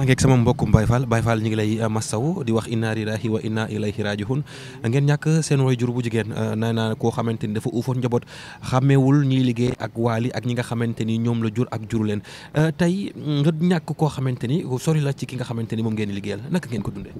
maa ngi ak sama mbokkum Baye Fall Baye Fall ñu ngi lay uh, masaw di wax inna lillahi wa inna ilayhi raji'un ngeen ñàkk seen way jur bu jigéen uh, nee naa koo xamante ni dafa uufoon njaboot xàmmeewul ñiy liggéey ak waali ak ñi nga xamante ni ñoom la jur ak juru leen uh, tey nga ñàkk koo xamante ni sori la ci ki nga xamante ni moom ngeen liggéeyal naka ngeen ko dundee.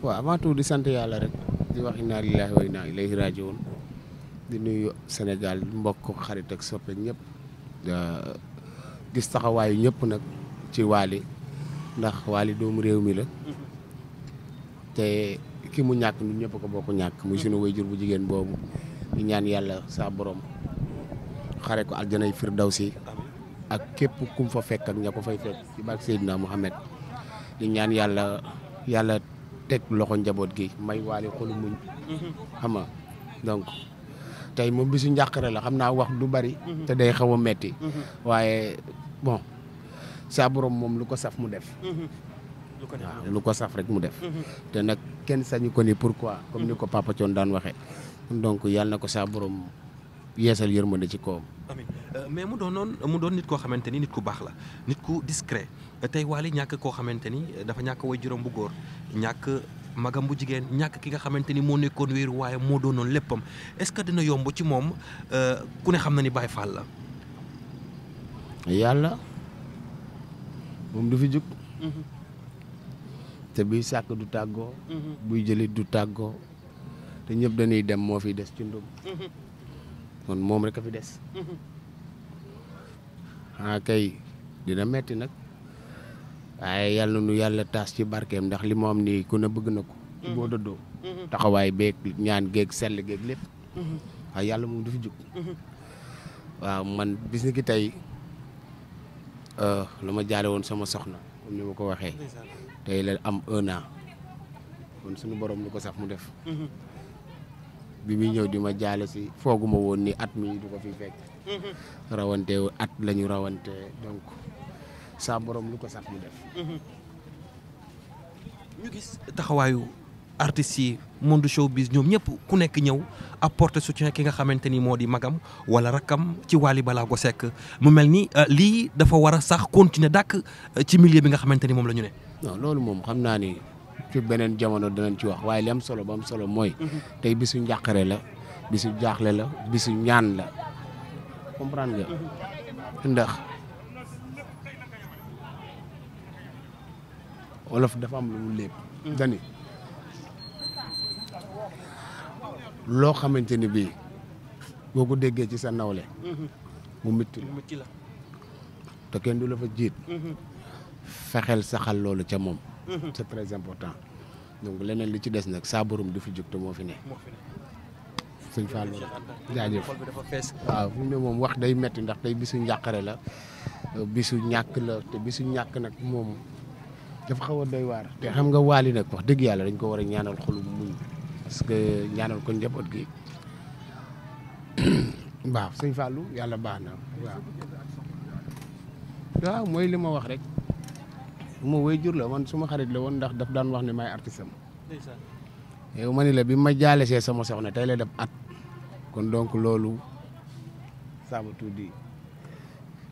waaw avant tout di sant yàlla rek di wax inna lillahi wa inna ilayhi raji'un di nuyu Sénégal mbokk xarit ak soppe ñëpp gis taxawaayu ñëpp nag ci waali ndax waali doomu réew mi la mm-hmm. te ki mu ñàkk ñun ñëpp ko bokk ñàkk muy sunu mm-hmm. wayjur bu jigéen boobu di ñaan yàlla saa borom xare ko aljanay si ak képp kum fa fekk ak ña ko fay fekk ci barke Seydina Muhammad di ñaan yàlla yàlla teg loxo njaboot gi may waali xolu muñ mm-hmm. xam donc tey moom bisu njàqare la xam naa wax du bari te day xaw a metti waaye bon saa borom moom lu ko saf mu def. Mhm. waaw lu ko saf rek mu def. Mhm. te nag kenn sañu ko ni pour pourquoi comme ni mhm. ko Papa daan waxee donc yàlla na ko saa borom yeesal yërmande ci kawam. Euh, mais mu doon noon mu doon nit koo xamante ni nit ku baax la nit ku discret tey Wally ñàkk koo xamante ni euh, dafa ñàkk way juróom bu góor ñàkk magam bu jigéen ñàkk ki nga xamante ni moo nekkoon wéeru waaye moo doonoon léppam est-ce que dina yomb ci moom euh, ku ne xam na ni Baye Fall la. yàlla. moom du fi jug mhm. te buy sàkk du tàggoo mhm. buy jëlit du tàggoo te ñëpp dañuy dem moo fi des ci ndum mhm. kon moom rek a fi des ah kay dina metti nag waaye yàlla nu yàlla taas ci barkeem ndax li mu am nii ku ne bëgg na ko boo dëddoo taxawaay beeg ñaan géeg sell géeg lépp waaye yàlla moom du fi jug waaw man bis tey Euh, lu ma jaale woon sama soxna comme ni ma ko waxee tey la am un an kon suñu boroom lu ko sax mu def bi muy ñëw di ma jaale si fooguma woon ni at mi du ko fi fekk rawante at lañu ñu rawante donc saa boroom lu ko sax mu def ñu gis taxawaayu artistes yi monde bis ñoom ñëpp ku nekk ñëw apporter soutien ki nga xamante ni moo di magam wala rakkam ci balaa Ballago sekk mu mel ni euh, lii dafa war a sax continuer dàkk euh, ci millier bi nga xamante ni moom la ñu ne. loolu moom xam naa ni ci beneen jamono danañ ci wax waaye li am solo ba am solo mooy. Mhm. tey bisu njàqare la bisu jaaxle la bisu ñaan la comprendre nga. Mhm. ndax wolof dafa am lu mu lépp. Mhm. dani loo xamante ni bii boo ko déggee ci sa nawle mu métti la te kenn du la fa jiit mhm. fexeel saxal loolu ca moom mhm. sa très important donc leneen li ci des nag saa borom du fi jóg te moo fi ne sëñ Fallou jaajëf waaw fu mu ne moom wax day metti ndax tey bisu njàqare la bisu ñàkk la te bisu ñàkk nag moom dafa xaw day waar te xam nga waali nag wax dëgg yàlla dañ ko war a ñaanal xolu muñ parce que ñaanal ko njaboot gi waaw sëñ Fallou yàlla baax na waaw. mooy li ma wax rek mu way jur la man suma xarit la woon ndax daf daan wax ne may artiste am. yow ma la bi ma jaale see sama soxna tey la def at. kon donc loolu sama tuddi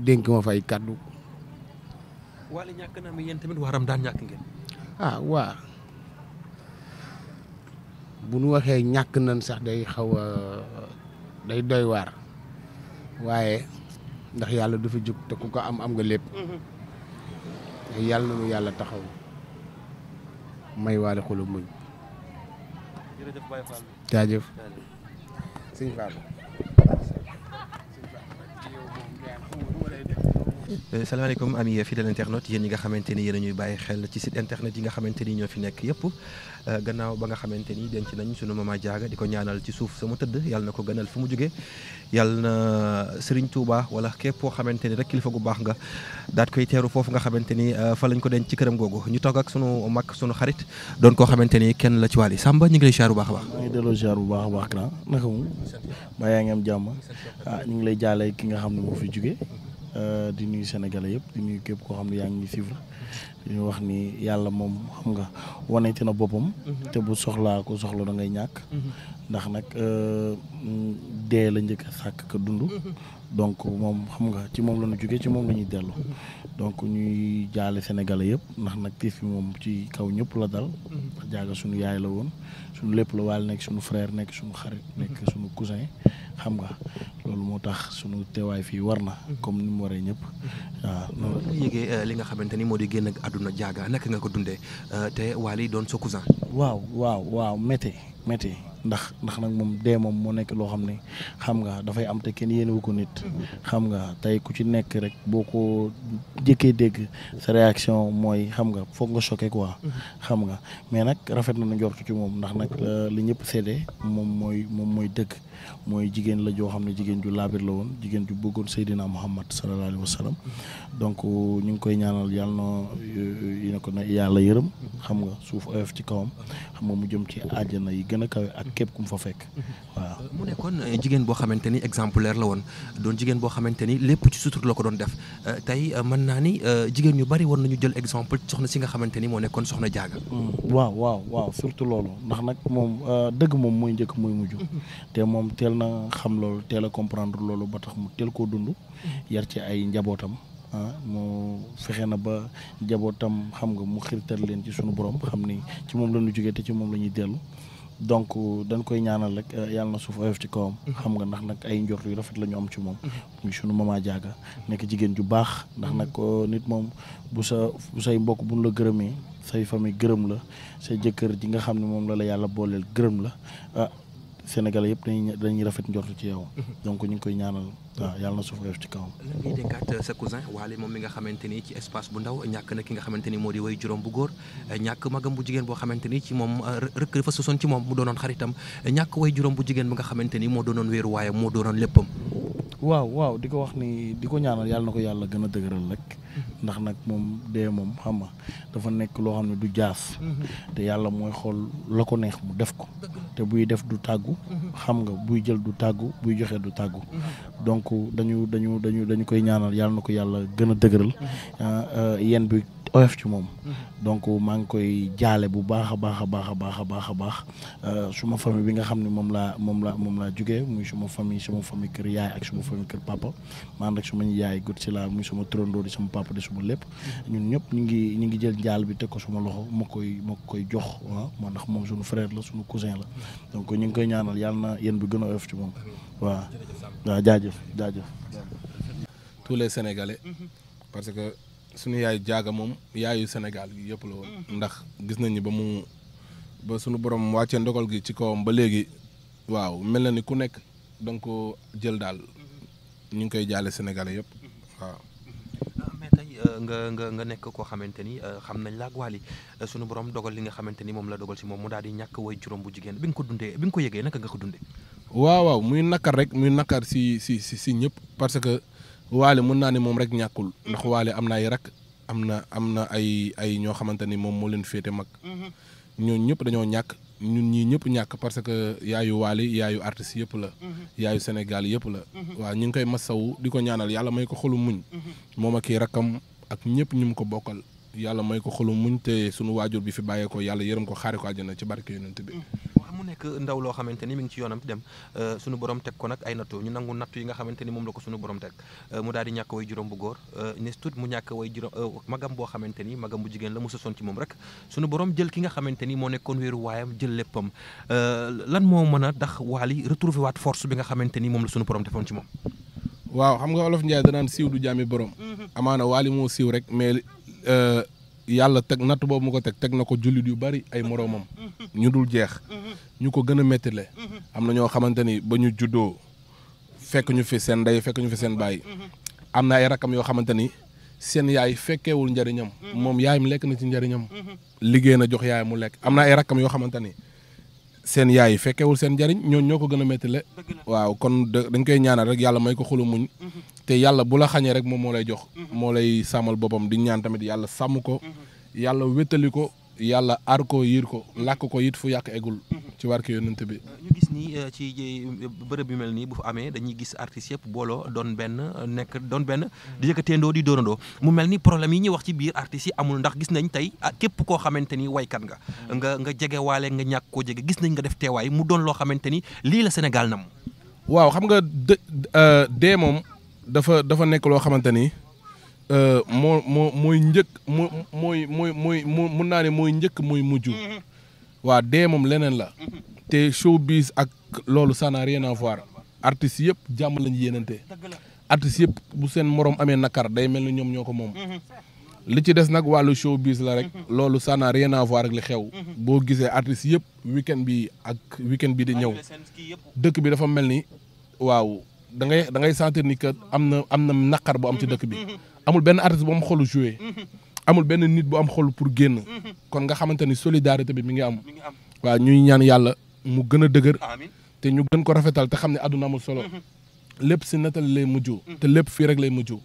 dénk ma fay kaddu. wala ñàkk naa mi yéen tamit waaram daan ñàkk ngeen. ah waa. bu nu waxee ñàkk nañ sax day xaw a day doy waar waaye ndax yàlla du fi jug te ku ko am am nga lépp mhm. yàlla na nu yàlla taxaw may waale xolu muñ jërëjëf Euh, salaamaaleykum ami fidèle internautes yéen ñi nga xamante ni yéen a ñuy bàyyi xel ci site internet yi nga xamante ni ñoo fi nekk yëpp euh, gannaaw ba nga xamante ni denc nañ sunu mama jaaga di ko ñaanal ci suuf sama tëdd yàlla na ko gënal fu mu jógee yàlla na Serigne Touba wala képp koo xamante ni rek kilifa gu baax nga daat koy teeru foofu nga xamante ni euh, fa lañ ko denc ci këram googu ñu toog ak sunu mag sunu xarit doon koo xamante ni kenn la ci wàll sàmba Samba ñu ngi lay ziar baax a baax. ñu bu baax a baax grand naka mu. maa yaa ñu ngi lay jaale ki nga xam ne moo fi jóge Euh, di nuyu Sénégalais yëpp di képp koo xam ne yaa ngi ñuy suivre di ñu wax ni yàlla moom xam nga waneeti na boppam. Mhm. te bu soxlaa ko soxla da ngay ñàkk. Mhm. ndax nag euh, dee la njëkk a sàkk ka dund. Mhm. donc moom xam nga ci moom la nu jógee ci moom la ñuy dellu. donc ñuy jaale sénégale yëpp ndax nag tiis bi moom ci kaw ñëpp la dal. jaaga suñu yaay la woon suñu lépp la waale nekk suñu frère nekk suñu xarit nekk suñu cousin. xam nga loolu moo tax sunu teewaay fii war na comme ni mu waree ñëpp waaw noonu la yëgee euh, li nga xamante ni moo di génn ak àdduna jaaga naka nga ko dundee euh, te Wally doon sa cousin waaw waaw waaw métti métti ndax ndax nag moom dee moom moo nekk loo xam ne xam nga dafay am te kenn yéenewu ko nit xam nga tey ku ci nekk rek boo ko jëkkee dégg sa réaction mooy xam nga foog nga choqué quoi xam nga mais nag rafet na na njortu ci moom ndax nag li ñëpp seede moom mooy moom mooy dëgg mooy jigéen la joo xam ne jigéen ju laabir la woon jigéen ju bëggoon Seydina Muhammad sallallahu alayhi wa sallam donc ñu ngi koy ñaanal yàlla na yi na yàlla yërëm xam nga suuf ci kawam xam nga mu jëm ci àjjana yi gën a kawe ak képp ku mu fa fekk mhm. waaw. Euh, mu nekkoon euh, jigéen boo xamante ni exemplaire la woon doon jigéen boo xamante ni lépp ci sutur loo ko doon def euh, tey man naa ni jigéen ñu bari war nañu jël exemple soxna si nga xamante ni moo nekkoon soxna jaaga mm. waaw waaw waaw surtout loolu ndax nag moom dëgg moom mooy njëkk mooy mujj mhm. te moom teel na xam loolu teel a comprendre loolu ba tax mu teel koo dund mhm. yar ci ay njabootam ah mu fexe na ba njabootam xam nga mu xirtal leen ci sunu borom xam ni ci moom la ñu ci moom la ñuy dellu donc euh, dañ koy ñaanal rek euh, yàlla na suuf oyof ci kawam. Mhm. xam nga ndax nag ay njort yu rafet la ñu am ci moom. Mhm. muy sunu mama jaaga mhm. nekk jigéen ju baax ndax nag euh, nit moom bu sa bu say mbokk buñ la gërëmee say famille gërëm la say jëkkër ji nga xam ne moom la la yàlla booleel gërëm la. Ah, Sénégal yëpp dañuy dañuy rafet njortu ci yow. Mhm. donc ñu ngi koy ñaanal waaw yàlla na suuf woyof ci kawam. Euh, moom mi nga xamante ni ci espace bu ndaw ñàkk na ki nga xamante ni moo di way juróom bu góor euh, ñàkk magam bu jigéen boo xamante ni ci moom euh, rëkk dafa sosoon ci moom mu doonoon xaritam ñàkk way juróom bu jigéen bi nga xamante ni moo doonoon waaye moo doonoon léppam waaw waaw di ko wax ni di ko ñaanal yàlla na ko yàlla gën a dëgëral rek mm-hmm. ndax nag moom dee moom xam nga dafa nekk loo xam ne du jaas mm-hmm. te yàlla mooy xool la ko neex mu def ko te buy def du tàggu mm-hmm. xam nga buy jël du tàggu buy joxe du tàggu donc dañu dañu dañu dañu koy ñaanal yàlla na ko yàlla gën a dëgëral ah, ah, yeen bi oyof ci moom. donc maa ngi koy jaale bu baax a baax a baax a baax a baax a baax euh, suma famille bi nga xam ne moom laa moom la moom laa jugee muy suma famille suma famille kër yaay ak suma famille kër papa maanaam rek suma yaay gut si laa muy suma turandoo di sama papa di suma lépp ñun ñëpp ñu ngi ñu ngi jël njaal bi teg ko suma loxo ma koy ma koy jox waaw ah, moo ndax moom suñu frère la suñu cousin la donc ñu ngi koy ñaanal yàlla na yéen bi gën a oyof ci moom waaw waaw jaajëf jaajëf tous les Sénégalais suñu yaay jaaga moom yaayu Sénégal gi yëpp la woon. Mm-hmm. ndax gis nañ ni ba mu ba sunu borom wàccee ndogal gi ci kawam ba léegi waaw mel na ni ku nekk danga ko jël daal mm-hmm. ñu ngi koy jaale Sénégalais yëpp mm-hmm. waaw. Ah, euh, nga nga nga nekk koo xamante ni euh, xam nañ laag waali euh, sunu borom dogal li nga xamante ni moom la dogal si moom mu daal di ñàkk way juróom bu jigéen bi nga ko dundee bi ko yëgee naka nga ko dundee. waaw muy nakar rek muy nakar si si si si ñëpp parce que waale mën naa ne moom rek ñàkkul ndax waale am na ay rak am na am na ay ay ñoo xamante ni moom moo leen féete mag mm-hmm. ñooñu ñëpp dañoo ñàkk ñun ñii ñëpp ñàkk parce que yaayu waali yaayu artiste yëpp la mm-hmm. yaayu Sénégal yëpp la mm-hmm. waaw ñu ngi koy masawu di ko ñaanal yàlla may ko xolu muñ moom ak i rakkam ak ñëpp ñu mu ko bokkal yàlla may ko xolu muñ te sunu waajur bi fi bàyyee ko yàlla yërëm ko xaari ko na ci barke yonent bi nekk ndaw loo xamante ni mi ngi ci yoonam di dem euh, suñu borom teg ko nag ay nattu ñu nangu nattu yi nga xamante ni moom la ko suñu borom teg euh, euh, la mu sosoon ci moom rek suñu borom jël ki nga xamante ni moo nekkoon wéeru waayam jël léppam lan moo mën a tax Wally retrouver waat force bi nga la suñu borom defoon ci moom waaw xam nga olof Ndiaye danaan siiw du jaami borom mm-hmm. amaana Wally moo siiw rek yàlla teg natt boobu mu ko teg teg na ko jullit yu bari ay moroomam ñu dul jeex ñu ko gën a méttile am na ñoo xamante ni ba ñu juddoo fekk ñu fi seen ndey fekk ñu fi seen baay am na ay rakam yoo xamante ni seen yaay fekkeewul njariñam moom yaayam lekk na ci njariñam liggéey na jox yaay mu lekk am na ay rakam yoo xamante ni seen yaay fekkeewul seen njariñ ñoo ko gën a méttile waaw kon dañ koy ñaanal rek yàlla may ko xolu muñ te yàlla bu la xañee rek moom moo lay jox. Mhm. moo lay sàmmal boppam di ñaan tamit yàlla sàmm ko. Mhm. yàlla wétali ko yàlla aar ko yiir ko làkk ko it fu yàq eggul. Mhm. ci warke yonent bi. Euh, ni euh, ci euh, bërëb yu mel nii bu amee dañuy gis artistes yëpp booloo doon benn nekk doon benn. di yëkkateendoo di dóorandoo mu mel ni problème yi ñuy wax ci biir artistes yi amul ndax gis nañ tey ah, képp koo xamante ni waykat nga. nga nga waale nga ñàkk koo jege gis nañ nga def teewaay mu doon loo xamante ni lii la Sénégal nam waaw xam nga dé dee moom dafa dafa nekk loo xamante ni euh, moo moo mooy njëkk moo mooy mooy mooy mun naa ne mooy njëkk mooy mujj mm-hmm. waa dee moom leneen la mm-hmm. te bis ak loolu ça n'a rien yëpp jàmm lañu yéenante artistes yëpp bu seen moroom amee nakar day mel ni ñoom ñoo ko moom mm-hmm. li ci des nag wàllu showbiz la rek loolu ça n'a ak li xew boo gisee artistes yëpp weekend bi ak weekend bi di ñëw dëkk bi dafa mel ni waaw da ngay da ngay sentir ni que am na am na naqar bu am ci dëkk bi amul benn artiste bu am xolu jouer amul benn nit bu am xol pour génn kon nga xamante ni solidarité bi mi ngi am waaw ñuy ñaan yàlla mu gën a dëgër te ñu gën ko rafetal te xam ne àdduna amul solo lépp si natal lay mujjoo te lépp fii rek lay mujjoo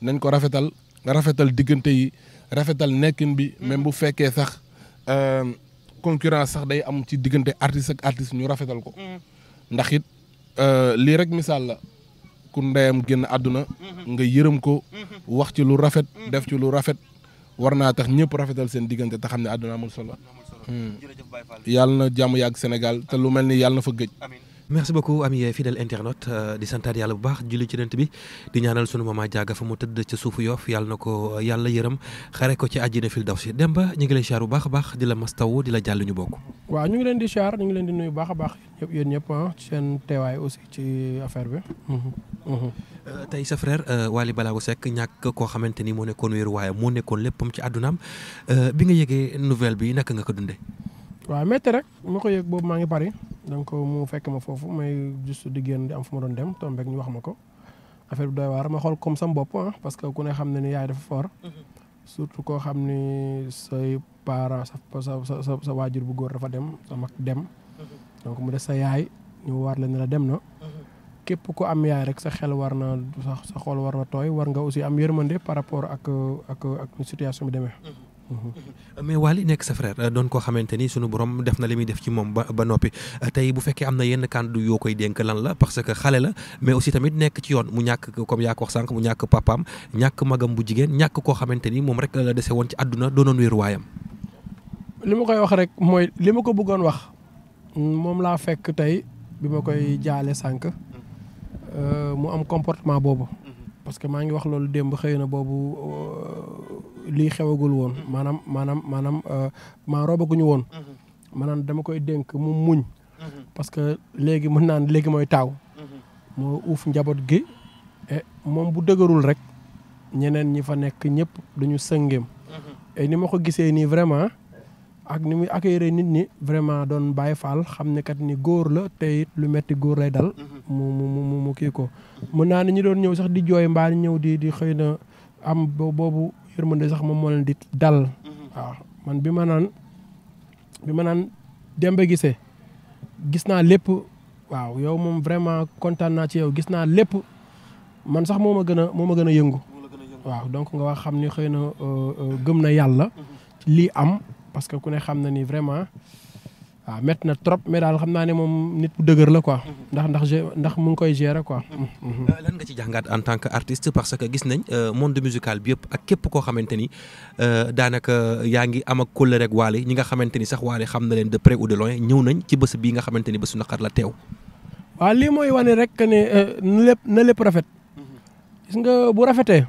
nañ ko rafetal rafetal diggante yi rafetal nekkin bi même bu fekkee sax euh, concurrence sax day am ci diggante artiste ak artiste ñu rafetal ko mm. ndax Euh, lii rek misaal la ku ndeyam génn àdduna mhm. nga yërëm ko mhm. wax ci lu rafet mhm. def ci lu rafet war naa tax ñëpp rafetal seen diggante te xam ne àdduna amul solo hmm. yàlla na jàmm yàgg Sénégal te lu mel ni yàlla na fa gëj merci beaucoup ami fidèle internet euh, di santaat yàlla bu baax julli ci dent bi di ñaanal sunu mama jaaga fa mu tëdd ca suufu yoof yàlla na ko euh, yàlla yërëm xare ko ci àjjina fil daw si dem ba ñu ngi lay siyaar bu baax a baax di la mastaw di la jàll bokk waaw ñu ngi leen di siyaar ñu ngi leen di nuyu baax baax yëpp yéen ñëpp ah, ci seen teewaay aussi ci affaire bi mhm, mhm. Euh, tey sa frère Wally Ballago Seck ñàkk koo xamante ni moo nekkoon wéeru waaye moo nekkoon léppam ci àddunaam bi nga yëgee nouvelle bi naka nga ko dundee waaw métti rek ma ko yëg boobu maa ngi Paris donc mu fekk ma foofu may juste di génn di am fu ma doon dem tombé ñu wax ma ko affaire bi doy waar ma xool comme sam bopp ah que ku ne xam ne ni yaay dafa fort. Mm-hmm. koo xam ni say parents sa sa sa sa waajur bu góor dafa dem sa mag dem. Mm-hmm. donc mu des sa yaay ñu waar la ne la dem na. Mm-hmm. képp ku am yaay rek sa xel war na sa sa xol war na tooy war nga aussi am yërmande par rapport ak ak ak situation bi demee. Mhm. mais Wally nekk sa frère doon koo xamante ni sunu borom def na li muy def ci moom ba ba noppi tey bu fekkee am na yenn kàddu yoo koy dénk lan la parce que xale la mais aussi tamit nekk ci yoon mu ñàkk comme yaa ko wax sànq mu ñàkk papaam ñàkk magam bu jigéen ñàkk koo xamante ni moom rek la dese woon ci àdduna doonoon wéeruwaayam. li ma koy wax rek mooy li ma ko bëggoon wax moom laa fekk tey bi ma koy jaale sànq euh, mu am comportement boobu. Mhm. parce boobu euh, lii xewagul woon maanaam maanaam maanaam euh, maa roobaguñu woon maanaam dama koy dénk mu muñ parce que léegi mën naan léegi mooy taaw moo uuf njaboot gi e, moom bu dëgërul rek ñeneen ñi fa nekk ñëpp duñu sëngeem et ni ma ko gisee nii vraiment ak ni muy accueillir nit ñi vraiment doon bàyyi faal xam ne kat ni góor la tey lu metti góor lay dal mu mu mu mu kii ko mën naa ne doon ñëw sax di jooy mbaa ñëw di di xëy na am boobu yërmande sax moom moo leen di dal. Mhm. waaw man bi ma naan bi ma naan Demba Guissé gis naa lépp waaw yow moom vraiment kontaan naa ci yow gis naa lépp man sax moom ma gën a ma gën a yëngu. waaw donc nga wax xam ni xëy na euh, euh, gëm na yàlla. Mhm. lii am parce que ku xam na ni vraiment. waaw na trop mais daal xam naa ne moom nit bu dëgër la quoi. Mhm. ndax mu ngi koy gérer quoi. Mhm. Mhm. Euh, lan nga ci jàngaat en tant que artiste parce que gis nañ euh, monde musical bi yëpp ak képp koo xamante euh, daanaka yaa ngi ama ak rek waale ñi nga xamante ni sax waale xam na leen de près ou de loin ñëw nañ ci bés bii nga xamante ni bésu naqar la teew. waaw lii mooy wane rek que na lépp na lépp rafet. gis nga bu rafetee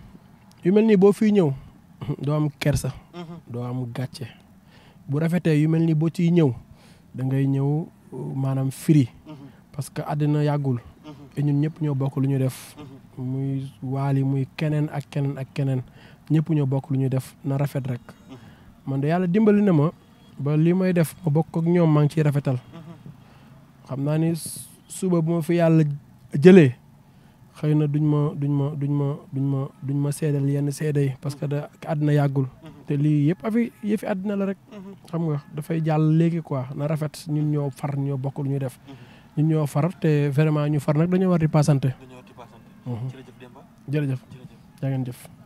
yu mel nii boo fiy ñëw doo am kersa. doo am gàcce bu rafetee da ngay ñëw maanaam firi. Mhm. parce que àddina yàggul. Mhm. et ñun ñëpp ñoo bokk lu ñu def. Mhm. muy waali muy keneen ak keneen ak keneen ñëpp ñoo bokk lu ñu def na rafet rek. man de yàlla dimbali na ma ba lii may def ma bokk ak ñoom maa ngi ciy rafetal. xam naa ni suba bu ma fi yàlla jëlee xëy na duñ ma duñ ma duñ ma duñ ma duñ ma seedal yenn seede yi parce que da àddina yàggul. te lii yëpp afi yëfi àddina la rek. Mhm. xam nga dafay jàll léegi quoi na rafet ñun ñoo far ñoo bokk ñuy def. Mhm. ñun ñoo far te vraiment ñu far nag dañoo war di paasante. dañoo war di paasante. Mhm.